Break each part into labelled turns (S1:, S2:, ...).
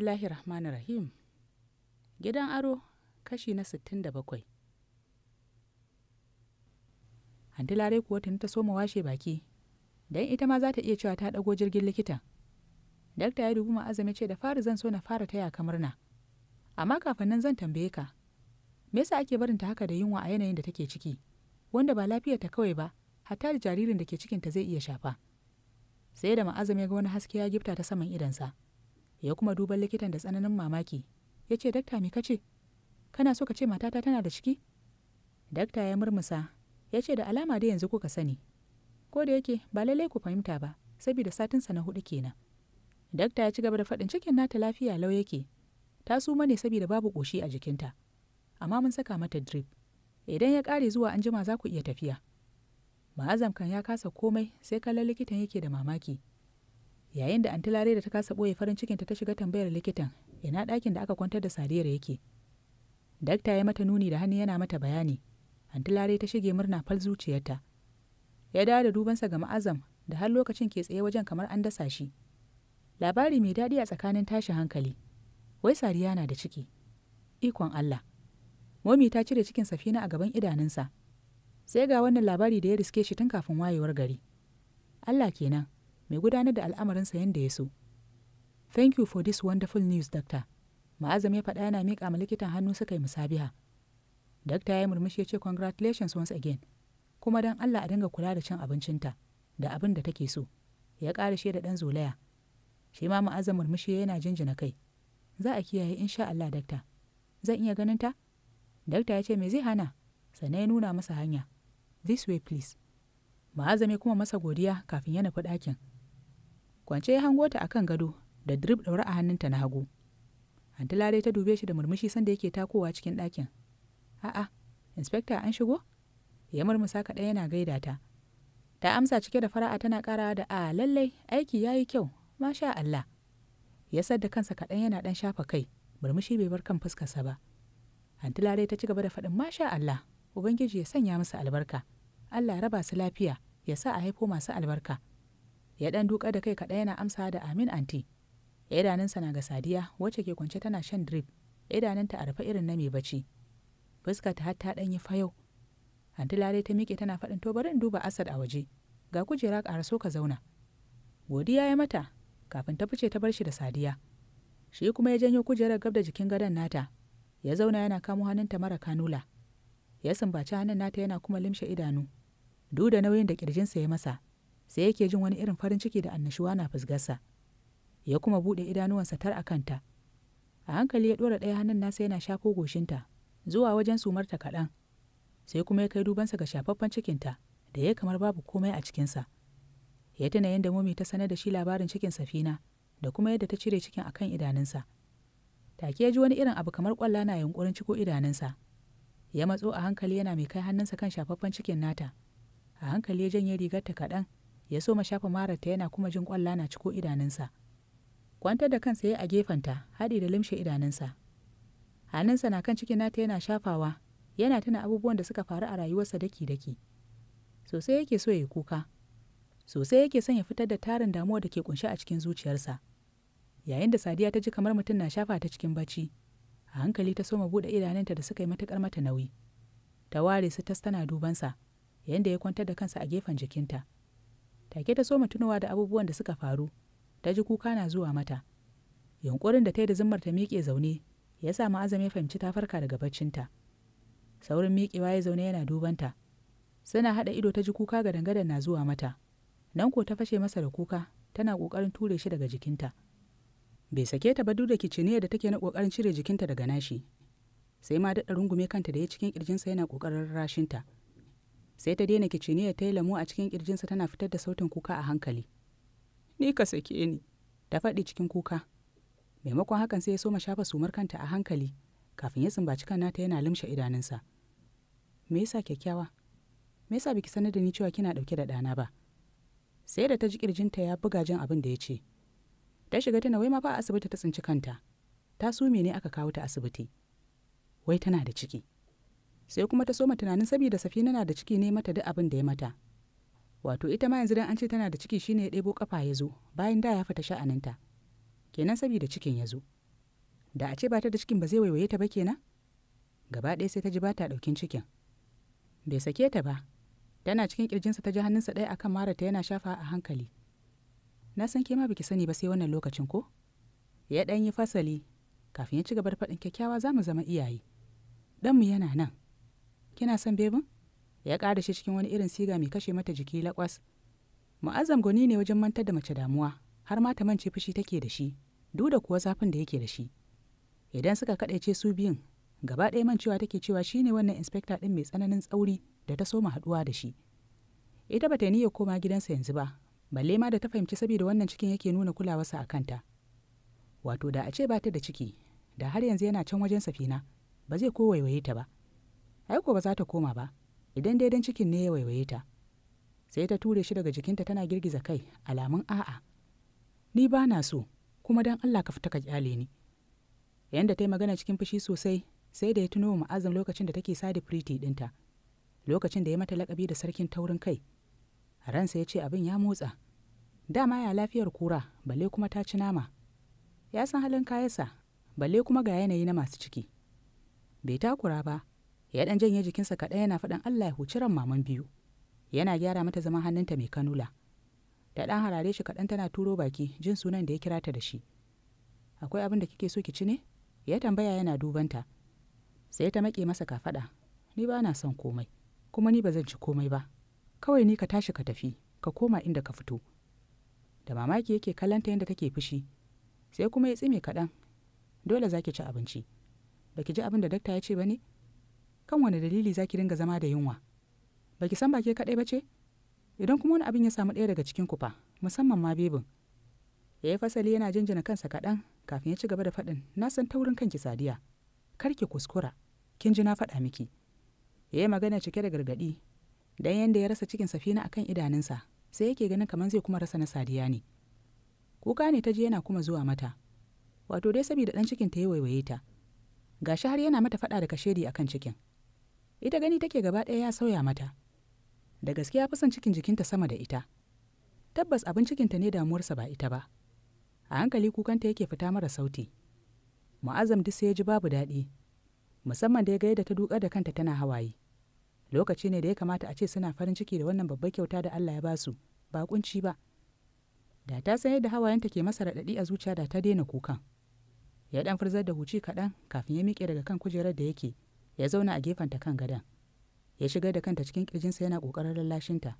S1: bismillahi rahmanir rahim gidan aro kashi na 67 handilare kuwa tuni ta soma washe baki don ita ma za ta iya cewa ta ɗago jirgin likitan dakta ya dubi ma'azami ce da fari zan so na fara taya kamar na amma kafin nan zan tambaye ka me yasa ake barinta haka da yunwa a yanayin da take ciki wanda ba ta kawai ba hatta da jaririn da ke cikinta zai iya shafa sai da ma'azami ga wani haske ya gifta ta saman idansa. sa ya kuma duban likitan da tsananin mamaki ya ce dakta me kace kana so ka ce matata tana da ciki dakta ya murmusa ya ce da alama da yanzu kuka sani ko da yake ba lallai ku fahimta ba saboda sa na hudu kenan dakta ya ci gaba da faɗin cikin nata lafiya lau yake ta suma ne saboda babu ƙoshi a jikinta amma mun saka mata drip idan ya ƙare zuwa anjima, za ku iya tafiya ma'azam kan ya kasa komai sai kallon likitan yake da mamaki yayin da antilare da ta kasa ɓoye farin cikinta ta shiga tambayar likitan ina ɗakin da aka kwantar da sadiyar yake dakta ya mata nuni da hannu yana mata bayani antilare ta shige murna fal zuciyarta ya dawo da dubansa ga ma'azam da har lokacin ke tsaye wajen kamar an dasa shi labari mai daɗi a tsakanin tashi hankali wai sariya na da ciki ikon allah momi ta cire cikin safina a gaban idanunsa sai ga wannan labari da ya riske shi tun kafin wayewar gari allah kenan mai gudanar da al'amarinsa yadda ya so thank you for this wonderful news doctor ma'azam ya faɗa yana miƙa ma likitan hannu suka yi musabiha dakta ya yi murmushi ya ce congratulations once again kuma don allah a dinga kula da cin abincinta da abin da take so ya ƙara shi da ɗan zolaya shi ma ma'azam murmushi yana jinjina kai za a kiyaye insha allah dakta zan iya ganin ta dakta ya ce me zai hana sannan ya nuna masa hanya this way please ma'azam ya kuma masa godiya kafin ya nufi ɗakin kwance ya hango ta akan gado da drip ɗaure a hannunta na hagu antila dai ta dube shi da murmushi sanda yake takowa cikin ɗakin a'a inspekta an shigo ya murmusa kaɗai yana gaida ta ta amsa cike da fara'a tana ƙara da a lallai aiki ya yi kyau masha Allah ya sadda kansa kaɗan yana ɗan shafa kai murmushi bai bar kan fuskarsa ba antila dai ta ci gaba da faɗin masha Allah ubangiji ya sanya musu albarka Allah raba su lafiya ya sa a haifo masu albarka ya ɗan duka da kai kaɗai yana amsa da amin anti idanunsa na ga sadiya wacce ke kwance tana shan drip idanunta a rufe irin na mai bacci fuska ta hatta ɗanyi yau. fayau anti lare ta miƙe tana faɗin to bari in duba asad a waje ga kujera ƙara so ka zauna godiya ya mata kafin ta fice ta bar shi da sadiya shi kuma ya janyo kujerar gab da jikin gadon nata ya zauna yana kamo hannunta mara kanula ya sumbaci hannun nata yana kuma limshe idanu duk da nauyin da kirjinsa ya masa sai yake jin wani irin farin ciki da annashuwa na fusgarsa ya kuma buɗe idanuwansa tar a kanta a hankali ya ɗora ɗaya hannun nasa yana shafo goshinta zuwa wajen sumarta kaɗan sai kuma ya kai dubansa ga shafaffen cikinta da ya kamar babu komai a cikinsa ya tuna yadda momi ta sanar da shi labarin cikin safina da kuma yadda ta cire cikin akan idanunsa take ya ji wani irin abu kamar kwalla na yunkurin ciko idanunsa ya matso a hankali yana mai kai hannunsa kan shafaffen cikin nata a hankali ya janye rigarta kaɗan ya so ma shafa mararta yana kuma jin ƙwalla na ciko idanunsa kwantar da kansa ya a gefenta haɗi da limshe idanunsa hannunsa na kan cikin nata yana shafawa yana tana abubuwan da suka faru a rayuwarsa daki-daki sosai yake so ya yi kuka sosai yake son ya fitar da tarin damuwa da ke kunshe a cikin zuciyarsa yayin da sadiya ta ji kamar mutum na shafa ta cikin bacci a hankali ta soma buɗe idanunta da suka yi matuƙar mata nauyi ta ware su tas tana dubansa yayin da ya kwantar da kansa a gefen jikinta. take ta so soma tunawa da abubuwan da suka faru ta ji kuka na zuwa mata yunkurin da ta yi da zimmar ta miƙe zaune ya sa ma'azam ya fahimci ta farka daga baccinta saurin miƙewa ya zaune yana dubanta suna haɗa ido ta ji kuka ga dangadan na zuwa mata nan ko ta fashe masa da kuka tana ƙoƙarin ture shi daga jikinta bai sake ta ba duk da kiciniya da take na ƙoƙarin cire jikinta daga nashi sai ma daɗa rungume kanta da ya cikin ƙirjinsa yana ƙoƙarin rashinta. sai ta daina kiciniyar ta yi lamu a cikin kirjinsa tana fitar da sautin kuka a hankali ni ka sake ni ta faɗi cikin kuka maimakon hakan sai ya soma shafa sumar kanta a hankali kafin ya sumbaci kan nata yana limshe idanunsa me yasa kyakkyawa me yasa biki sanar da ni cewa kina ɗauke da ɗana ba sai da ta ji kirjinta ya buga jin abin da ya ce ta shiga tana wai ma ba asibiti ta tsinci kanta ta sume ne aka kawo ta asibiti wai tana da ciki sai kuma ta soma tunanin saboda safina na da ciki ne mata duk abin da ya mata wato ita ma yanzu dan an ce tana da ciki shine ya ɗebo kafa ya zo bayan da ya fita sha'aninta kenan saboda cikin ya zo da a ce ba ta da cikin ba zai waiwaye ta ba kenan gaba ɗaya sai ta ji ba ta ɗaukin cikin bai sake ta ba tana cikin kirjinsa ta ji hannunsa ɗaya akan mara ta yana shafa a hankali na san ke ma biki sani ba sai wannan lokacin ko ya ɗan yi fasali kafin ya ci gaba da faɗin kyakkyawa za mu zama iyaye ɗanmu yana nan kina son bebin ya ƙara shi cikin wani irin siga mai kashe mata jiki laƙwas mu'azzam gwani ne wajen mantar da mace damuwa har ma ta mance fushi take da shi duk da kuwa zafin da yake da shi idan suka kaɗaice su biyun gaba ɗaya man cewa take cewa shine wannan inspekta ɗin mai tsananin tsauri da ta soma haɗuwa da shi ita ba ta niyya koma gidansa yanzu ba balle ma da ta fahimci saboda wannan cikin yake nuna kulawarsa a kanta wato da a ce ba ta da ciki da har yanzu yana can wajen safina ba zai ko waiwaye ta ba aiko ba za ta koma ba idan dai dan cikin ne ya waiwaye ta sai ta ture shi daga jikinta tana girgiza kai alamun a'a ni ba na so kuma dan Allah ka fita ka kyale ni yanda ta yi magana cikin fushi sosai sai da ya tuno wa ma'azam lokacin da take sadi firiti dinta lokacin da ya mata lakabi da sarkin taurin kai ransa ya ce abin ya motsa dama ya lafiyar kura balle kuma ta ci nama ya san halin kayansa balle kuma ga yanayi na masu ciki bai takura ba ya dan janye jikinsa kaɗan yana faɗin Allah ya huci ran maman biyu yana gyara mata zama hannunta mai kanula da ɗan harare shi kaɗan tana turo baki jin sunan da ya kira ta da shi akwai abin da kike so ki ci ne ya tambaya yana dubanta sai ta maƙe masa ka faɗa ni ba na son komai kuma ni ba zan ci komai ba kawai ni ka tashi ka tafi ka koma inda ka fito da mamaki yake kallanta yadda take fushi sai kuma ya tsime kaɗan dole za ki ci abinci baki ji abin da dakta ya ce ba ne kan wani dalili za ki dinga zama da yunwa ba ki san ba kaɗai ba ce idan kuma wani abin ya samu ɗaya daga cikin ku fa musamman ma bebin ya yi fasali yana jinjina kansa kaɗan kafin ya ci gaba da faɗin na san taurin kanki sadiya kar ki kuskura kin ji na faɗa miki ya yi magana cike da gargaɗi dan yanda ya rasa cikin safina akan idanunsa sai yake ganin kamar zai kuma rasa na sadiya ne kuka ne ta ji yana kuma zuwa mata wato dai saboda ɗan cikin ta ya waiwaye ta gashi har yana mata faɗa da kashedi akan cikin ita gani take gaba ɗaya ya sauya mata da gaskiya fi son cikin jikinta sama da ita tabbas abin cikinta ne damuwarsa ba ita ba a hankali kukanta yake fita mara sauti mu'azzam duk sai ya ji babu daɗi musamman da ya ga yadda ta duka da kanta tana hawaye lokaci ne da ya kamata a ce suna farin ciki da wannan babbar kyauta da Allah ya basu ba kunci ba da ta san yadda hawayenta ke masa raɗaɗi a zuciya da ta daina kukan ya ɗan furzar da huci kaɗan kafin ya miƙe daga kan kujerar da yake ya zauna a gefenta kan gadon ya shiga da kanta cikin ƙirjinsa yana ƙoƙarin lallashinta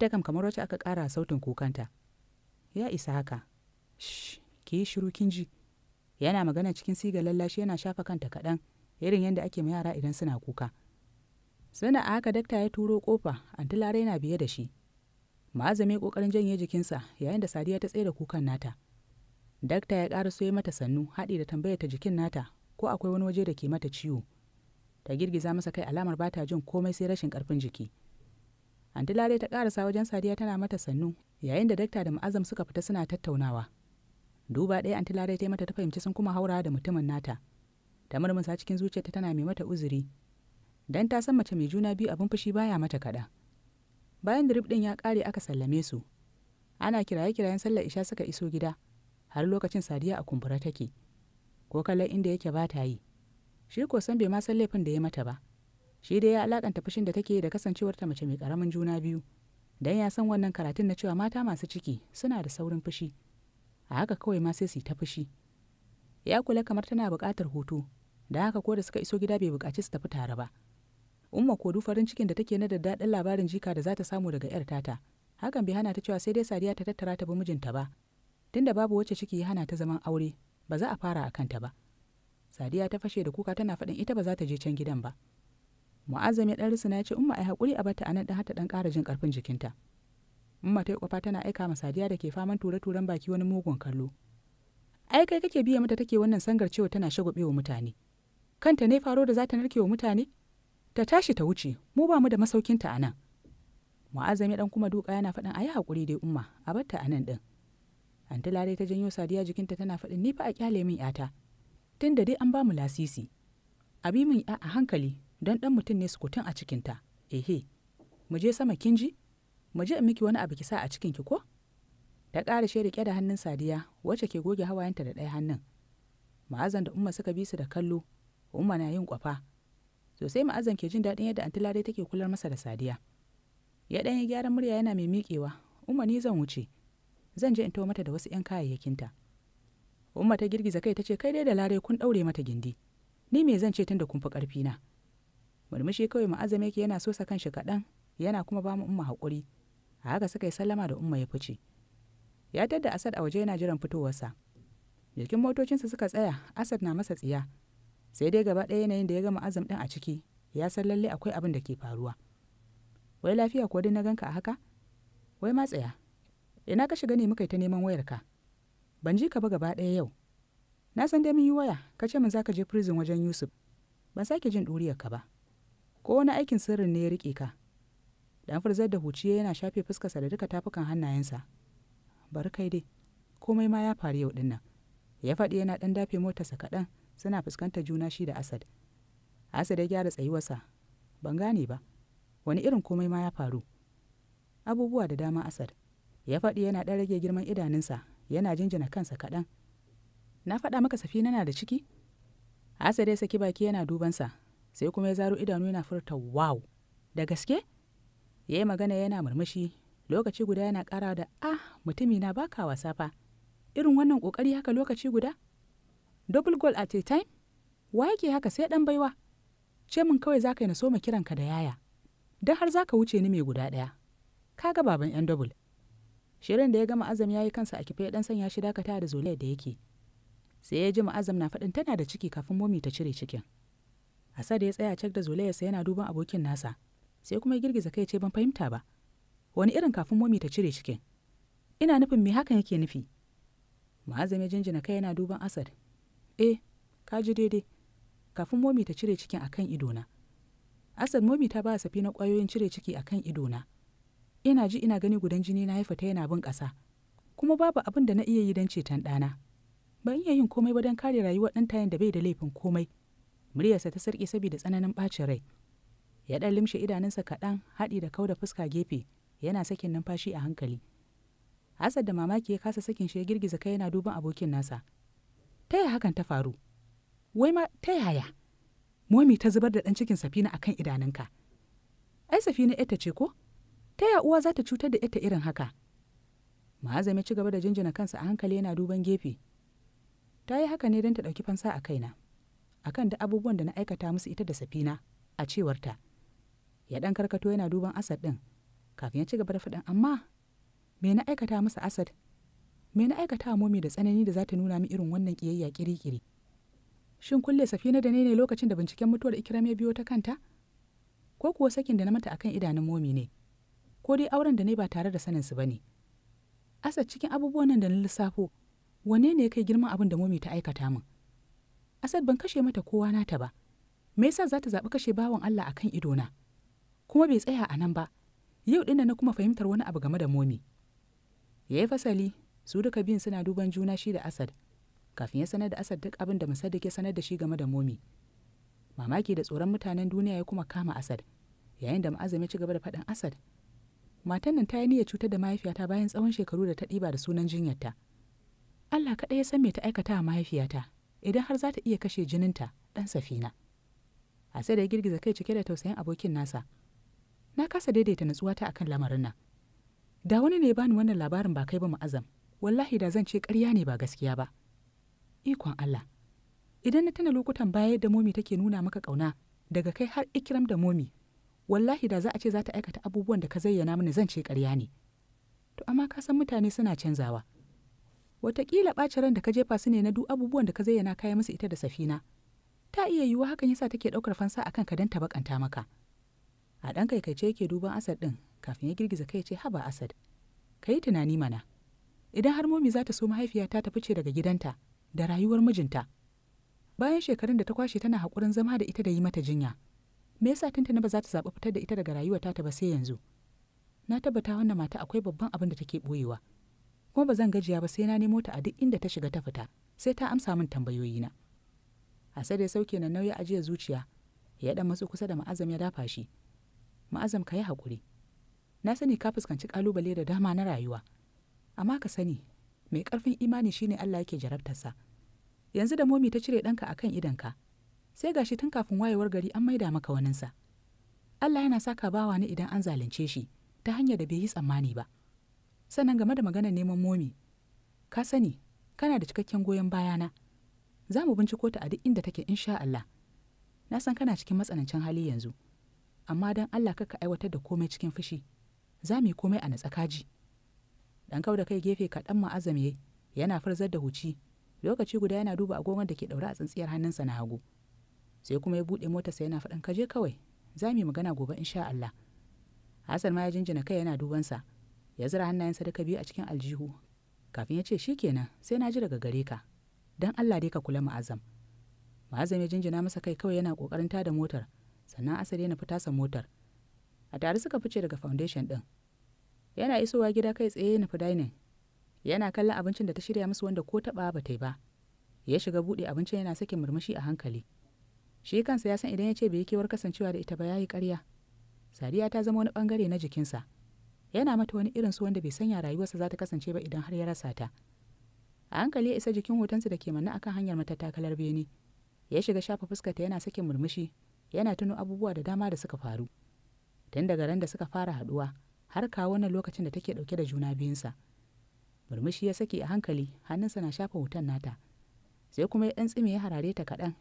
S1: ta kam kamar wacce aka ƙara sautin kukanta ya isa haka shh ki yi shiru kin ji yana magana cikin siga lallashi yana shafa kanta kaɗan irin yadda ake ma yara idan suna kuka suna a haka dakta ya turo kofa antilare yana biye da shi ma'azami kokarin janye jikinsa yayin da sadiya ta da kukan nata dakta ya ƙara so ya mata sannu haɗi da tambayar ta jikin nata ko akwai wani waje da ke mata ciwo ta girgiza masa kai alamar ba ta jin komai sai rashin karfin jiki antilare ta karasa wajen sadiya tana mata sannu yayin da dakta da ma'azam suka fita suna tattaunawa duba ɗaya antilare ta yi mata ta fahimci sun kuma haura da mutumin nata ta murmusa cikin zuciyarta tana mai mata uzuri dan ta san mace mai juna biyu abin fushi baya mata kaɗa bayan drip din ya kare aka sallame su ana kiraye-kirayen sallar isha suka iso gida har lokacin sadiya a kumbura take ko kallon inda yake ba ta yi shi ko san bai ma san laifin da ya mata ba shi dai ya alakanta fushin da take da kasancewarta mace mai karamin juna biyu dan ya san wannan karatun na cewa mata masu ciki suna da saurin fushi a haka kawai ma sai su ta fushi ya kula kamar tana buƙatar hutu da haka ko da suka iso gida bai buƙaci su tafi tare ba umma kodu farin cikin da take na da daɗin labarin jika da za ta samu daga 'yar tata hakan bai hana ta cewa sai dai sadiya ta tattara ta bi mijinta ba tunda babu wacce ciki ya hana ta zaman aure ba za a fara a kanta ba sadiya ta fashe da kuka tana faɗin ita ba za ta je can gidan ba mu'azzam ya ɗan risina ya ce umma ai haƙuri a bata anan ɗan hata ɗan ƙara jin ƙarfin jikinta umma ta yi kwafa tana aika ma sadiya da ke faman tura turen baki wani mugun kallo ai kai kake biya mata take wannan sangar cewa tana wa mutane kanta ne faro da za ta narke wa mutane ta tashi ta wuce mu ba mu da masaukinta a nan mu'azzami ɗan kuma duka yana faɗin ayi hakuri dai umma a batta a nan din Lare ta janyo sadiya jikinta tana faɗin ni fa a kyale min yata tun da dai an ba mu lasisi abi min a hankali don ɗan mutum ne su kutun a cikinta ehe mu je sama kin ji mu je in miki wani abu ki sa a ki ko ta ƙara shi riƙe da hannun sadiya wacce ke goge hawayenta da ɗaya hannun ma'azan da umma suka bi su da kallo umma na yin ƙwafa. sosai ma'azan ke jin daɗin yadda antilare take kular masa da sadiya ya ɗan yi gyaran murya yana mai miƙewa umma ni zan wuce zan je in tawo mata da wasu 'yan kayayyakinta umma ta girgiza kai ta ce kai dai da lare kun daure mata gindi ni me zan ce tunda kun fi karfi na murmushi kawai ma'azam yake yana so sa kanshi kaɗan yana kuma ba mu umma haƙuri a haka suka yi sallama da umma ya fice ya tadda asad a waje yana jiran fitowarsa jikin motocinsa suka tsaya asad na masa tsiya sai dai gaba ɗaya yanayin da ya gama azam ɗin a ciki ya san lalle akwai abin da ke faruwa wai lafiya ko dai na ganka a haka wai ma tsaya ina ka shiga ne muka yi ta neman wayarka ban ji ka ba gaba ɗaya yau na san dai mun yi waya ka ce min za ka je prison wajen yusuf ban sake jin ɗuriyar ka ba ko wani aikin sirrin ne ya riƙe ka dan furzar da huciye yana shafe fuskarsa da duka tafukan hannayensa bari kai dai komai ma ya faru yau dinnan ya faɗi yana ɗan dafe motarsa kaɗan suna fuskantar juna shi da asad asad ya gyara tsayuwarsa ban gane ba wani irin komai ma ya faru abubuwa da dama asad ya faɗi yana ɗan rage girman idanunsa yana jinjina kansa kaɗan na faɗa maka safina na da ciki asa ya saki baki yana dubansa sai kuma ya zaro idanu yana furta wow da gaske ya yi magana yana murmushi lokaci guda yana ƙara da ah mutumi na baka wasa fa irin wannan ƙoƙari haka lokaci guda double goal at a time wa yake haka sai ɗan baiwa ce min kawai za ka yi na so ma kiranka da yaya Dan har za ka wuce ni mai guda ɗaya ka ga baban yan double shirin da ya gama azam ya yi kansa a kife dan sanya shi dakata da zoliyar da yake sai ya ji ma'azam na faɗin tana da ciki kafin momi ta cire cikin asad ya tsaya cak da zoliyarsa yana duban abokin nasa sai kuma girgiza kai ce ban fahimta ba wani irin kafin momi ta cire cikin ina nufin me hakan yake nufi ma'azam ya jinjina kai yana duban asad eh ka ji daidai kafin momi ta cire cikin akan idona asad momi ta ba safi na kwayoyin cire ciki akan idona ina ji ina gani gudan jini na haifata yana bin ƙasa kuma babu abin da na iya yi don ceton ɗana ban iya yin komai ba don kare rayuwar ɗan tayin da bai da laifin komai muryarsa ta sarki saboda tsananin ɓacin rai ya ɗan limshe idanunsa kaɗan haɗi da kau da fuska gefe yana sakin numfashi a hankali Asad da mamaki ya kasa sakin shi ya girgiza kai yana duban abokin nasa ta yaya hakan ta faru wai ma ta yaya momi ta zubar da ɗan cikin safina akan idanunka ai safina ita ce ko ta ya uwa za ta cutar da ita irin haka ma'azam ci gaba da jinjina kansa a hankali yana duban gefe ta yi haka ne don ta ɗauki fansa a kaina akan da abubuwan da na aikata musu ita da safina a cewarta ya ɗan karkato yana duban asad ɗin kafin ya ci gaba da faɗin amma me na aikata musu asad me na aikata momi da tsanani da za ta nuna min irin wannan ƙiyayya ƙiri-ƙiri shin kulle safina da ne ne lokacin da binciken mutuwar ikiram ya biyo ta kanta ko kuwa sakin da na mata akan idanun momi ne ko dai auren da ne ba tare da saninsu ba ne asa cikin abubuwan nan da na lissafo wane ne ya kai girman abin da momi ta aikata min asad ban kashe mata kowa na ta ba me yasa za ta zaɓi kashe bawan allah a kan idona kuma bai tsaya a nan ba yau ɗin na kuma fahimtar wani abu game da momi ya yi fasali su duka biyun suna duban juna shi da asad kafin ya sanar da asad duk abin da musaddik ya sanar da shi game da momi mamaki da tsoron mutanen duniya ya kuma kama asad yayin da ma'azami ci gaba da faɗin asad matan nan ta yi niyyar cutar da mahaifiyata bayan tsawon shekaru da ta ɗiba da sunan jinyarta allah kaɗai ya san me ta aikata a mahaifiyata idan har za ta iya kashe jininta ɗan safina a sai da ya girgiza kai cike da tausayin abokin nasa na kasa daidaita natsuwata akan lamarin nan da wani ne bani wannan labarin ba kai ba ma'azam wallahi da zan ce karya ne ba gaskiya ba ikon allah idan na tana lokutan baya yadda momi take nuna maka ƙauna daga kai har ikiram da momi wallahi da za a ce za ta aikata abubuwan da ka zayyana mini zan ce ƙarya ne to amma ka san mutane suna canzawa wataƙila ɓacin ran da ka jefa su ne na duk abubuwan da ka zayyana kaya musu ita da safina ta iya yiwuwa hakan yasa take ɗaukar fansa akan ka don ta maka a ɗan kaikaice yake duban asad ɗin kafin ya girgiza kai ce haba asad ka yi tunani mana idan har momi za ta so mahaifiyata ta fice daga gidanta da rayuwar mijinta bayan shekarun da ta kwashe tana haƙurin zama da ita da yi mata jinya me yasa tantana ba za ta zaɓi fitar da ita daga rayuwa ta ba sai yanzu na tabbata wannan mata akwai babban abin da take ɓoyewa kuma ba zan gajiya ba sai na nemo ta a duk inda ta shiga ta fita sai ta amsa min tambayoyi tambayoyina da ya sauke na nauyi ajiyar zuciya ya dan matsu kusa da ma'azam ya dafa shi ma'azam ka yi hakuri. na sani ka fuskanci ƙalubale da dama na rayuwa amma ka sani mai ƙarfin imani shine Allah yake jarabtarsa yanzu da momi ta cire ɗanka akan idanka sai gashi tun kafin wayewar gari an maida maka waninsa Allah yana saka bawa ni idan an zalunce shi ta hanyar da bai yi tsammani ba sannan game da maganar neman momi ka sani kana da cikakken goyon bayana za mu binciko ta a duk inda take insha Allah na san kana cikin matsanancin hali yanzu amma dan Allah kaka aiwatar da komai cikin fushi za mu yi komai a natsakaji dan kau da kai gefe kaɗan ma'azam yana farzar da huci lokaci guda yana duba agogon da ke ɗaure a tsintsiyar hannunsa na hagu sai kuma ya buɗe motarsa yana faɗin kaje kawai za mu yi magana gobe in sha Allah Hassan ma ya jinjina kai yana dubansa ya zira hannayensa duka biyu a cikin aljihu kafin ya ce kenan sai na ji daga gare ka dan Allah dai ka kula ma'azam ma'azam ya jinjina masa kai kawai yana kokarin tada motar sannan asali yana fita sa motar a tare suka fice daga foundation din yana isowa gida kai tsaye na dining yana kallon abincin da ta shirya musu wanda ko taba ba ta yi ba ya shiga bude abincin yana sakin murmushi a hankali shi kansa ya san idan ya ce bai yi kewar kasancewa da ita ba ya yi karya. sadiya ta zama wani bangare na jikinsa yana mata wani irin su wanda bai sanya rayuwarsa za ta kasance ba idan har ya rasa ta a hankali ya isa jikin hotonsa da ke manna akan hanyar matattakalar bene ya shiga shafa fuskarta yana sakin murmushi yana tuno abubuwa da dama da suka faru tun daga ran da suka fara haduwa har kawo wannan lokacin da take dauke da juna biyunsa murmushi ya saki a hankali hannunsa na shafa hoton nata sai kuma ya ɗan tsime ya harare ta kaɗan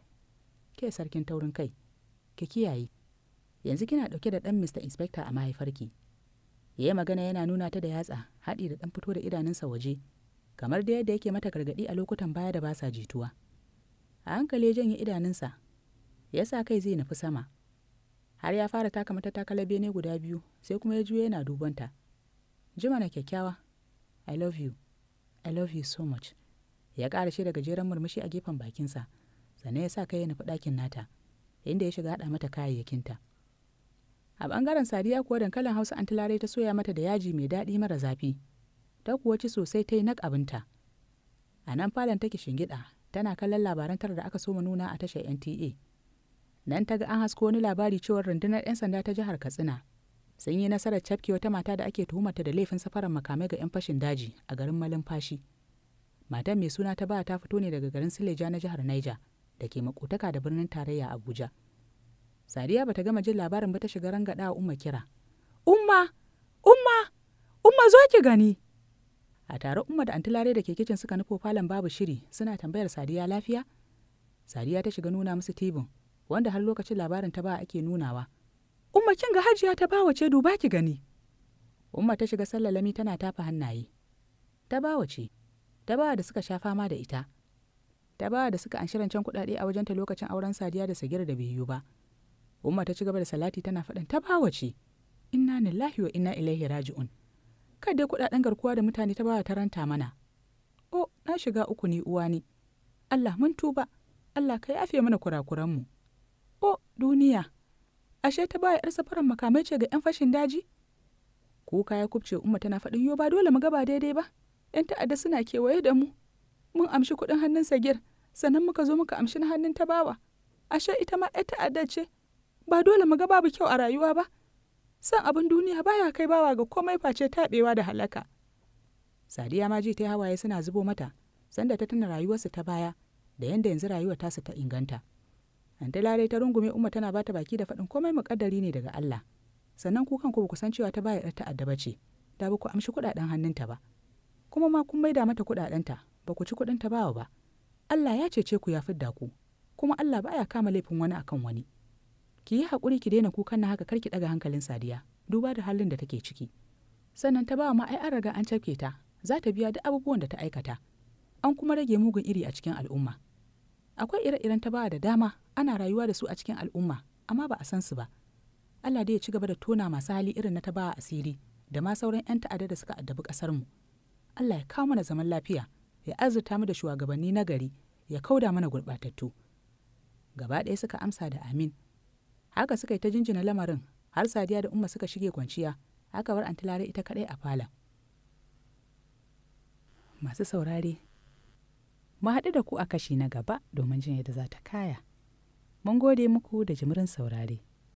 S1: ke sarkin taurin kai ki kiyaye yanzu kina dauke da ɗan mr inspector a mahaifarki ya magana yana nuna ta da yatsa haɗi da ɗan fito da idanunsa waje kamar da yadda yake mata gargaɗi a lokutan baya da basa jituwa a hankali ya janye idanunsa ya sa kai zai nufi sama har ya fara taka mata takala bene guda biyu sai kuma ya juya yana dubanta jima na kyakkyawa i love you i love you so much ya ƙara shi da gajeren murmushi a gefen bakinsa sannan ya sa kai ya nufi ɗakin nata inda ya shiga haɗa mata kayayyakinta a ɓangaren sadiya kuwa dankalin hausa an tilare ta soya mata da yaji mai daɗi mara zafi ta kuwa ci sosai ta yi nak abinta a nan falon take shingiɗa tana kallon labaran tara da aka so nuna a tashar nta nan ta ga an hasko wani labari cewar rundunar 'yan sanda ta jihar katsina sun yi nasarar cafke wata mata da ake tuhumarta da laifin safarar makamai ga 'yan fashin daji a garin Fashi. matan mai suna ta ba ta fito ne daga garin sileja na jihar niger da ke makotaka da birnin tarayya Abuja. Sadiya bata gama jin labarin ba ta shiga rangada a Umma kira. Umma! Umma! Umma zo ki gani! A tare Umma da Antilare da ke kicin suka nufo falon babu shiri suna tambayar Sadiya lafiya? Sadiya ta shiga nuna musu tibin wanda har lokacin labarin ta ba ake nunawa. Umma kin ga hajiya ta ba wace, duba ki gani. Umma ta shiga sallalami tana tafa hannaye. Ta bawa ce, ta bawa da suka sha fama da ita. ta ba da suka anshi rancen kuɗaɗe a wajenta lokacin auren sadiya da sagir da biyu ba umma ta ci gaba da salati tana faɗin ta bawa ce inna lillahi wa inna ilaihi raji'un kai dai kuɗaɗen garkuwa da mutane ta bawa ta ranta mana o na shiga uku ni uwa ni Allah mun tuba Allah ka yafe mana kurakuranmu o duniya ashe ta baya yar safaran makamai ce ga yan fashin daji kuka ya kubce umma tana faɗin yo ba dole mu gaba daidai ba yan ta'adda suna kewaye da mu mun amshi kuɗin hannun sagir sannan muka zo muka amshi na hannun tabawa ashe ita ma ita ta'adda ce ba dole mu ga babu kyau a rayuwa ba san abin duniya baya kai bawa ga komai face taɓewa da halaka sadiya ma ji ta yi hawaye suna zubo mata sanda ta tuna rayuwarsu ta baya da yanda yanzu ta su ta inganta ta lare ta rungume umma tana bata baki da faɗin komai muƙaddari ne daga Allah sannan ku ba ku san cewa ta baya ta addaba ce da ba ku amshi kuɗaɗen hannunta ba kuma ma kun maida mata kuɗaɗenta ba ku ci kuɗin tabawa ba Allah ya cece ku ya fidda ku kuma Allah baya kama laifin wani akan wani ki yi haƙuri ki daina kukan na haka kar ki ɗaga hankalin Sadiya duba da halin da take ciki sannan ta bawa ma ai an riga an cafke ta za ta biya duk abubuwan da ta aikata an kuma rage mugun iri a cikin al'umma akwai ire-iren ta da dama ana rayuwa da su a cikin al'umma amma ba a san su ba Allah dai ya ci gaba da tona masu hali irin na tabawa asiri da ma sauran 'yan ta'adda da suka addabi mu. Allah ya kawo mana zaman lafiya. ya azurta mu da shugabanni na gari ya kauda mana gurɓatattu gaba ɗaya suka amsa da amin haka suka yi ta jinjina lamarin har sadiya da umma suka shige kwanciya aka bar antilare ita kaɗai a fala masu saurare mu haɗu da ku a kashi na gaba domin jin yadda za ta kaya mun gode muku da jimirin saurare